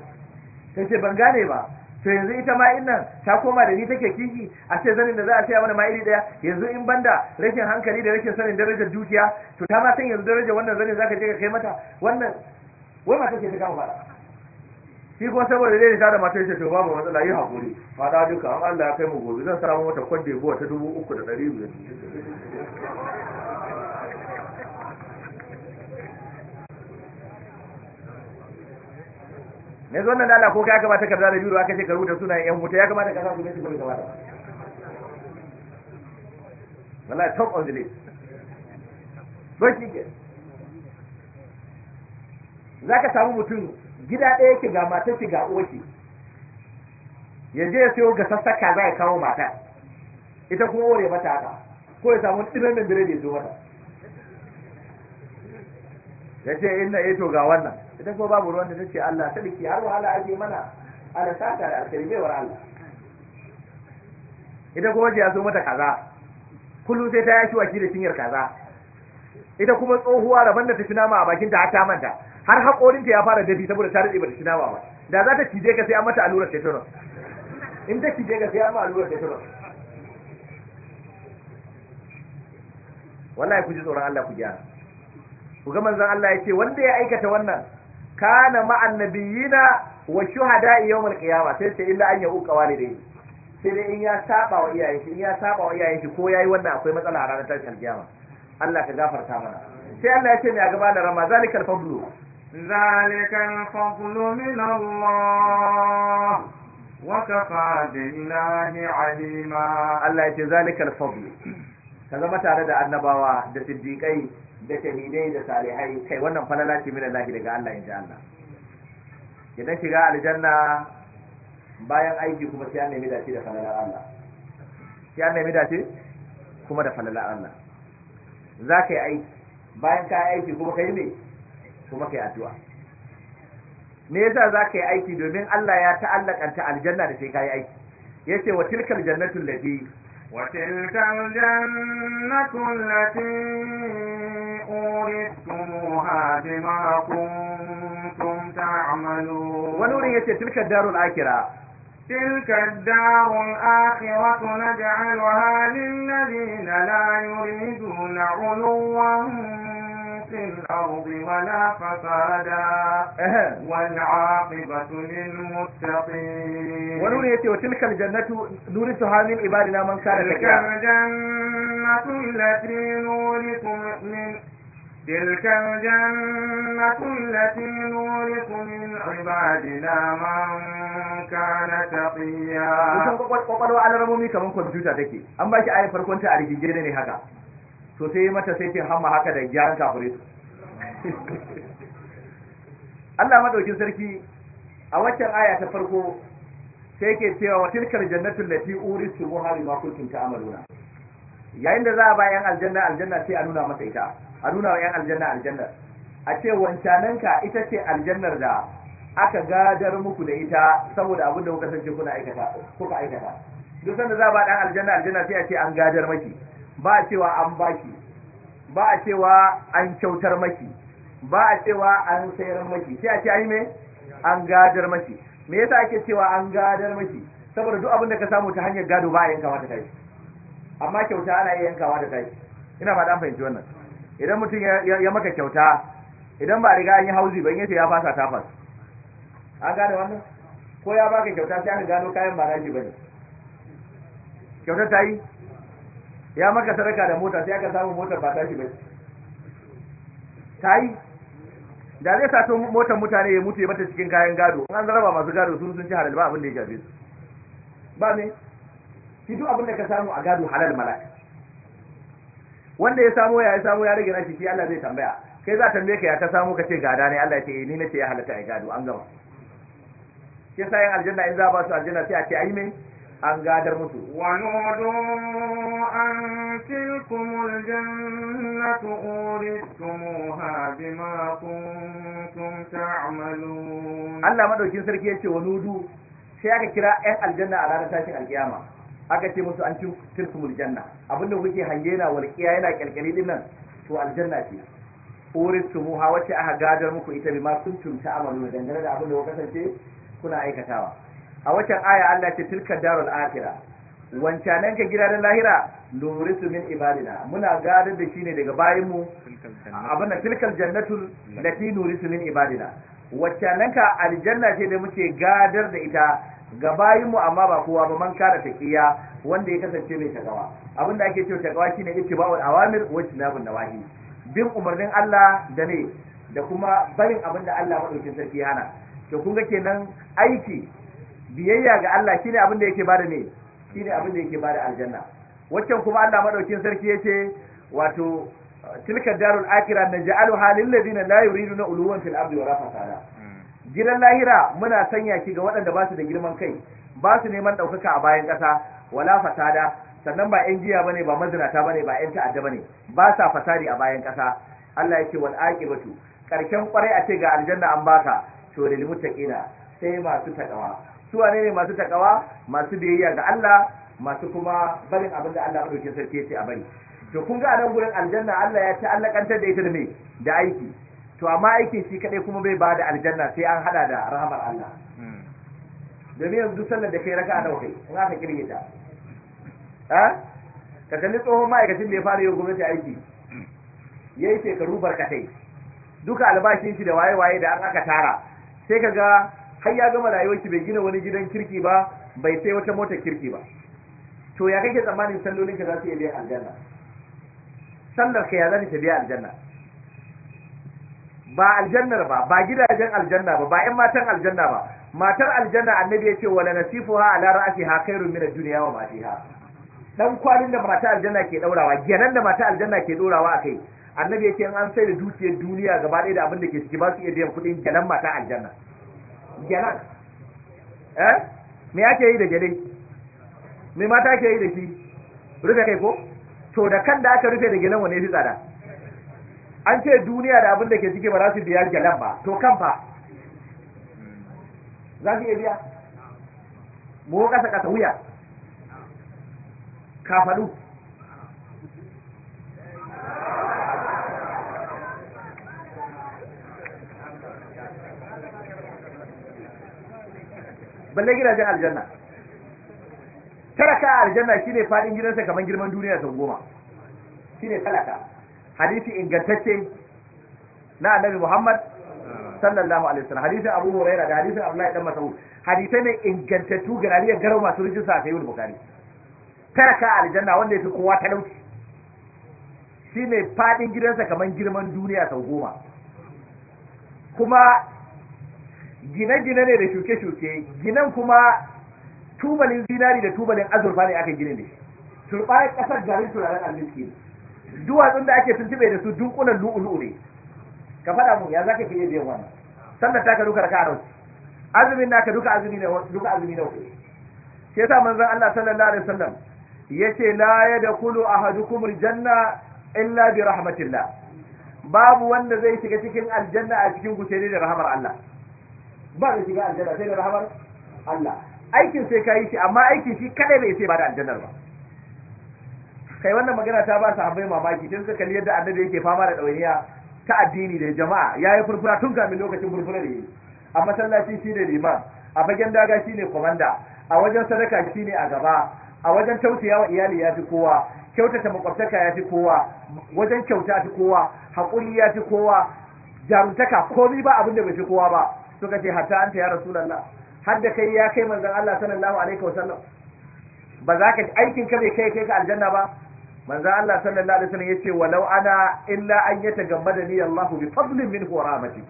ta ce ban gane ba to yanzu ita ma nan ta koma da ni take kiki a ce zanin da za a saya mana ma iri daya yanzu in banda rashin hankali da rashin sanin darajar dukiya to ta ma san yanzu darajar wannan zanin zaka je ka kai mata wannan wai ma kake ta kama fara shi ko saboda zai ta da mata yace to babu matsala yi hakuri fada duka an Allah ya kai mu gobe zan samu mata kwadde buwa ta dubu uku da ɗari biyar ne zo nan Allah ko kai aka bata kaza da biro aka ce ka rubuta sunayen yan mutu ya kamata ka sa ku ne su gobe kamata wallahi top on the list ba shi ke za ka samu mutum gida ɗaya yake ga mata shi ga oke ya je ya sayo sassaka za ya kawo mata ita kuma ware mata haka ko ya samu ɗinan biredi ya zo mata ya ce inna ya eh to ga wannan ita kuma babu ruwan da ta ce Allah sarki har wahala ake mana da sata da alkari Allah ita kuma ya zo mata kaza kullum sai ta yashi waki da cinyar kaza ita kuma tsohuwa rabon da ta fi nama a bakin ta har ta manta har haƙorin ta ya fara dafi saboda ta rike ba ta shinawa ba da za ta cije ka sai an mata allurar tetanus in ta cije ka sai an ma allurar tetanus wallahi ku ji tsoron Allah ku gyara ku ga manzon Allah ya ce wanda ya aikata wannan kana ma'an nabiyina wa shuhada yawmal qiyamah sai ce illa an yauqa walidayhi sai dai in ya saba wa iyayen shi in ya saba wa iyayen shi ko yayi wannan akwai matsala a ranar tashin kiyama Allah ka gafarta mana sai Allah ya ce mai a gaba da rama zalikal fadlu ذلك الفضل من الله وكفى بالله عليما الله يجزي ذلك الفضل كما ترى ده da ده da ده da ده da salihai kai wannan falala ce min Allah daga Allah inji Allah idan shiga aljanna bayan aiki kuma sai an nemi dace da falalar Allah sai an nemi dace kuma da falalar Allah za ka yi aiki bayan ka yi aiki kuma ka yi me kuma kai addu'a me yasa za ka yi aiki domin Allah ya ta'allakanta aljanna da sai ka yi aiki yace wa tilkal jannatul allati wa tilkal jannatul lati uritumuha bima kuntum ta'malun wani wurin yace tilkal darul akhirah تلك الدار الآخرة نجعلها للذين لا يريدون علوا في الأرض ولا فسادا والعاقبة للمتقين ونور يتي وتلك الجنة نورثها من عبادنا من كان تلك الجنة التي نورث من تلك الجنة التي نورث من عبادنا من كان تقيا. Kusan kwakwalwa ربو ميكا من كنت جوتا تكي أما ayar farkon ta a rigingire ne to sai mata sai fi hamma haka da gyaran su Allah madaukin sarki a waccan aya ta farko sai ke cewa wa tilkal jannatu allati uristumuha bima kuntum ta'maluna yayin da za a ba yan aljanna aljanna sai a nuna masa ita a nuna wa yan aljanna aljanna a ce wancananka ita ce aljannar da aka gadar muku da ita saboda abin da kuka sace kuna aikata kuka aikata duk sanda za a ba dan aljanna aljanna sai a ce an gadar maki ba a cewa an baki ba a cewa an kyautar maki ba a cewa an sayar maki sai a ce ai me an gadar maki me yasa ake cewa an gadar maki saboda duk abin da ka samu ta hanyar gado ba a yankawa da tashi amma kyauta ana iya yankawa da tashi ina ba dan fahimci wannan idan mutum ya maka kyauta idan ba riga an yi hauzi ba in yace ya fasa ta fasa an gane wannan ko ya baka kyauta sai aka gano kayan ba nashi bane kyautar ta yi ya maka sadaka da mota sai aka samu motar ba tashi bai tayi da zai sato motar mutane ya mutu ya bata cikin kayan gado an zaraba masu gado sun sun ci halal ba abin da ya shafe su ba ne shi abin da ka samu a gado halal malak wanda ya samu ya samu ya rage nashi shi Allah zai tambaya kai za tambaye ka ya ka samu kace gada ne Allah ya ce eh, ni nace ya halatta a gado an gama Kisa sai aljanna in za ba su aljanna sai a ce ai me an gadar musu wa nudu an tilkumul jannatu uridtumuha bima kuntum ta'malun Allah madaukin sarki yace wa nudu sai aka kira ɗan aljanna a ranar tashin alkiyama aka ce musu an tilkumul janna abinda kuke hange na walƙiya yana kyalkyali din nan to aljanna ce uridtumuha wacce aka gadar muku ita bima kuntum ta'malun dangane da abinda kuka kasance kuna aikatawa a waccan aya Allah ce tilka darul akhirah wancanan ka gidajen lahira nurisu min ibadina muna gadar da shi ne daga mu abin da tilkal jannatul lati nurisu min ibadina waccanan ka aljanna ce da muke gadar da ita ga mu amma ba kowa ba man kara taqiya wanda ya kasance mai takawa abin da ake cewa takawa shine ittiba'ul awamir wa ijtinabun nawahi bin umarnin Allah da ne da kuma barin abin da Allah madaukin sarki hana to kun ga kenan aiki biyayya ga Allah shine abin da yake bada me shine abin da yake bada aljanna waccan kuma Allah madaukin sarki yace wato tilka darul akhirah naj'aluha lil ladina la yuriduna uluwan fil ardi wa fasada hmm. gidan lahira muna sanya ki ga waɗanda ba su da girman kai ba su neman ɗaukaka a bayan ƙasa wala fasada sannan ba yan jiya bane ba mazinata bane ba yan ta'adda bane ba sa fasadi a bayan ƙasa Allah yake wal aqibatu karshen kwarai a ce ga aljanna an baka to lil muttaqina sai masu takawa su wane ne masu takawa masu biyayya ga Allah masu kuma barin abin da Allah madaukakin sarki yace a bari to kun ga nan gurin aljanna Allah ya ta allakantar da ita da me da aiki to amma aikin shi kadai kuma bai bada aljanna sai an hada da rahamar Allah me hmm. yanzu sallar da kai raka a dauke in aka kirge ta ha ka kalli tsohon ma'aikacin da ya fara yin gwamnati aiki ya yi shekaru barkatai duka albashin shi da waye-waye da an aka tara sai ka ga har ya gama rayuwar ki bai gina wani gidan kirki ba bai sai wata motar kirki ba to ya kake tsammanin sallolin ka za su iya biya aljanna sallar ka ya za ta biya aljanna ba aljannar ba ba gidajen aljanna ba ba ƴan matan aljanna ba matar aljanna annabi ya ce wala nasifuha ala ra'siha khairun min ad-dunya wa ma fiha dan kwalin da mata aljanna ke daurawa genan da mata aljanna ke daurawa akai annabi ya ce an sai da dukiyar duniya gaba ɗaya da abin da ke ciki ba su iya biyan kuɗin genan mata aljanna gyalan eh me ake yi da gyale me mata ke yi da shi rufe kai ko to da kan da aka rufe da gyalan wane fi tsada an ce duniya da abin da ke cike ba za su biya gyalan ba to kan fa za su iya biya mu kasa kasa wuya faɗu balle gidajen aljanna talaka aljanna shine fadin gidansa kamar girman duniya sau goma shine talaka hadisi ingantacce na annabi Muhammad sallallahu alaihi wasallam hadisi Abu Huraira da hadisi Abdullahi dan Mas'ud hadisai ne ingantattu ga rariya garau masu rijista a sayyid Bukhari talaka aljanna wanda fi kowa talauci shine fadin gidansa kamar girman duniya sau goma kuma gine-gine ne da shuke-shuke ginen kuma tubalin zinari da tubalin azurfa ne aka gine da shi turbayar kasar garin turaren ne. duwatsun da ake tuntube da su dunkunan lu'ulu ne ka faɗa mu ya ka fiye biyan wannan sannan ta ka duka da a azumin naka duka azumi ne duka azumi ne sai yasa manzon Allah sallallahu alaihi wasallam yace la yadkhulu ahadukum aljanna illa bi rahmatillah babu wanda zai shiga cikin aljanna a cikin gushe da rahmar Allah ba zai shiga aljanna sai da rahamar Allah aikin sai ka yi shi amma aikin shi kadai bai sai ba da aljannar ba kai wannan magana ta ba sahabbai mamaki tun suka yadda annabi yake fama da ɗawainiya ta addini da jama'a yayi furfura tun kamin lokacin furfura da yi a masallaci shi ne liman a bagen daga shi ne komanda a wajen sadaka shine a gaba a wajen Tautaya wa iyali ya fi kowa kyautata makwabtaka ya fi kowa wajen kyauta fi kowa hakuri ya fi kowa jarumtaka komai ba abin da bai fi kowa ba suka ce hatta anta ya rasulullah har da kai ya kai manzon Allah sallallahu alaihi wasallam ba za ka aikin ka bai kai kai ka aljanna ba manzon Allah sallallahu alaihi wasallam yace walau ana illa an yatagammada ni Allah bi fadlin minhu wa rahmati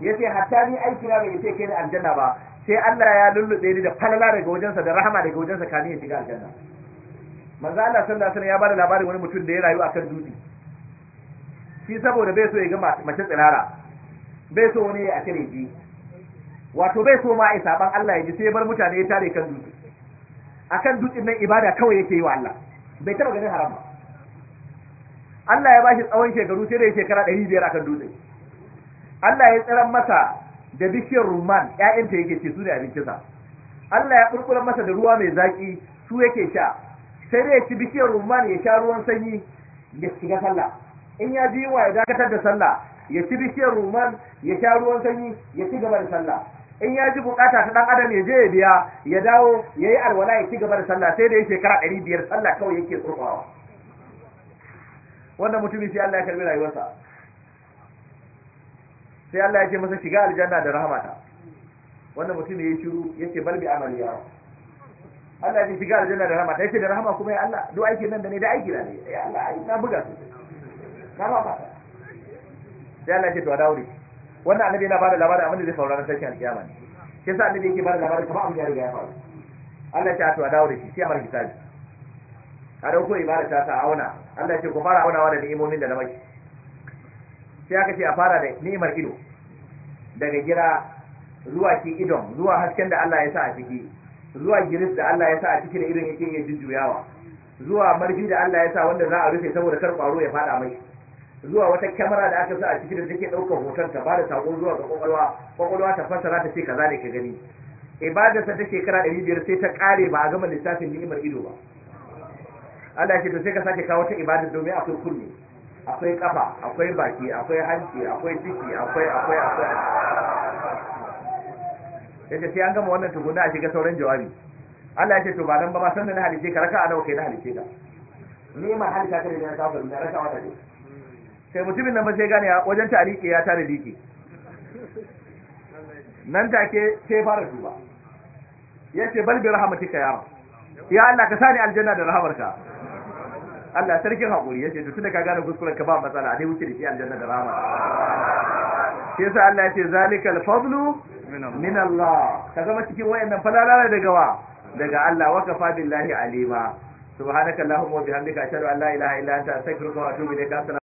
yace hatta ni aikin na bai kai ni aljanna ba sai Allah ya lullube ni da falala daga wajensa da rahama daga wajensa kafin ya shiga aljanna manzo Allah sallallahu alaihi wasallam ya bada labarin wani mutum da ya rayu akan dutse shi saboda bai so ya ga mace tsirara bai so wani a cire ji wato bai so ma a saban Allah ya ji sai bar mutane ya tare kan dutse akan dutsen nan ibada kawai yake yi wa Allah bai taba ganin haram ba Allah ya bashi tsawon shekaru sai da shekara 500 akan dutse Allah ya tsaran masa da bishiyar rumman ƴaƴanta yake ce su ne abincinsa Allah ya kurkura masa da ruwa mai zaƙi su yake sha sai dai ya ci bishiyar ruman ya sha ruwan sanyi ya shiga sallah in ya ji yunwa ya dakatar da sallah ya ci bishiyar rumar ya sha ruwan sanyi ya ci gaba da sallah in ya ji bukata ta dan adam ya je ya biya ya dawo ya yi alwala ya ci gaba da sallah sai da ya shekara ɗari biyar sallah kawai yake tsurfawa wannan mutumin sai Allah ya karbi rayuwarsa sai Allah ya ce masa shiga aljanna da rahamata wannan mutum ya yi shiru ya ce balbi amaliya Allah ya ce shiga aljanna da rahamata ya ce da rahama kuma ya Allah duk aikin nan da ne da aiki da ne ya Allah na buga su na ba sai Allah ya ce to a dawo da shi wannan annabi yana bada labarin abin da zai faru ranar tashin alkiyama ne shi yasa annabi yake bada labarin kuma abin ya riga ya faru Allah ya ce to a dawo da shi sai a mara hisabi a dauko ibada ta sa auna Allah ya ce ku fara aunawa da ni'imomin da na maki sai aka ce a fara da ni'imar ido daga gira zuwa ki idon zuwa hasken da Allah ya sa a ciki zuwa giris da Allah ya sa a ciki da idon yake yin jujjuyawa zuwa marfi da Allah ya sa wanda za a rufe saboda kar kwaro ya fada mai zuwa wata kyamara da aka sa a cikin da take ɗaukar hoton ta bada sako zuwa ga kwakwalwa kwakwalwa ta fassara ta ce kaza ne ka gani ibadarsa ta shekara ɗari biyar sai ta ƙare ba a gama lissafin ni'imar ido ba Allah ce to sai ka sake kawo ta ibadar domin akwai kunne akwai kafa akwai baki akwai hanci akwai ciki akwai akwai akwai yace sai an gama wannan tukuna a shiga sauran jawabi Allah ya ce to ba nan ba ma san na halice ka raka a nawa kai na halice ka ni ma halika ka ne na kafa na raka wata ne sai mutumin nan ba sai gane wajen ta alike ya tare dike nan take sai fara duba yace bal bi rahmatika ya ya Allah ka sani aljanna da rahmarka Allah sarkin hakuri yace to tunda ka gane kuskuren ka ba matsala dai wuce da shi aljanna da rahmar sai sa Allah yace zalikal fadlu min Allah ka zama cikin wayannan falala daga wa daga Allah wa kafa billahi alima subhanakallahumma wa bihamdika ashhadu an la ilaha illa anta astaghfiruka wa atubu ilaik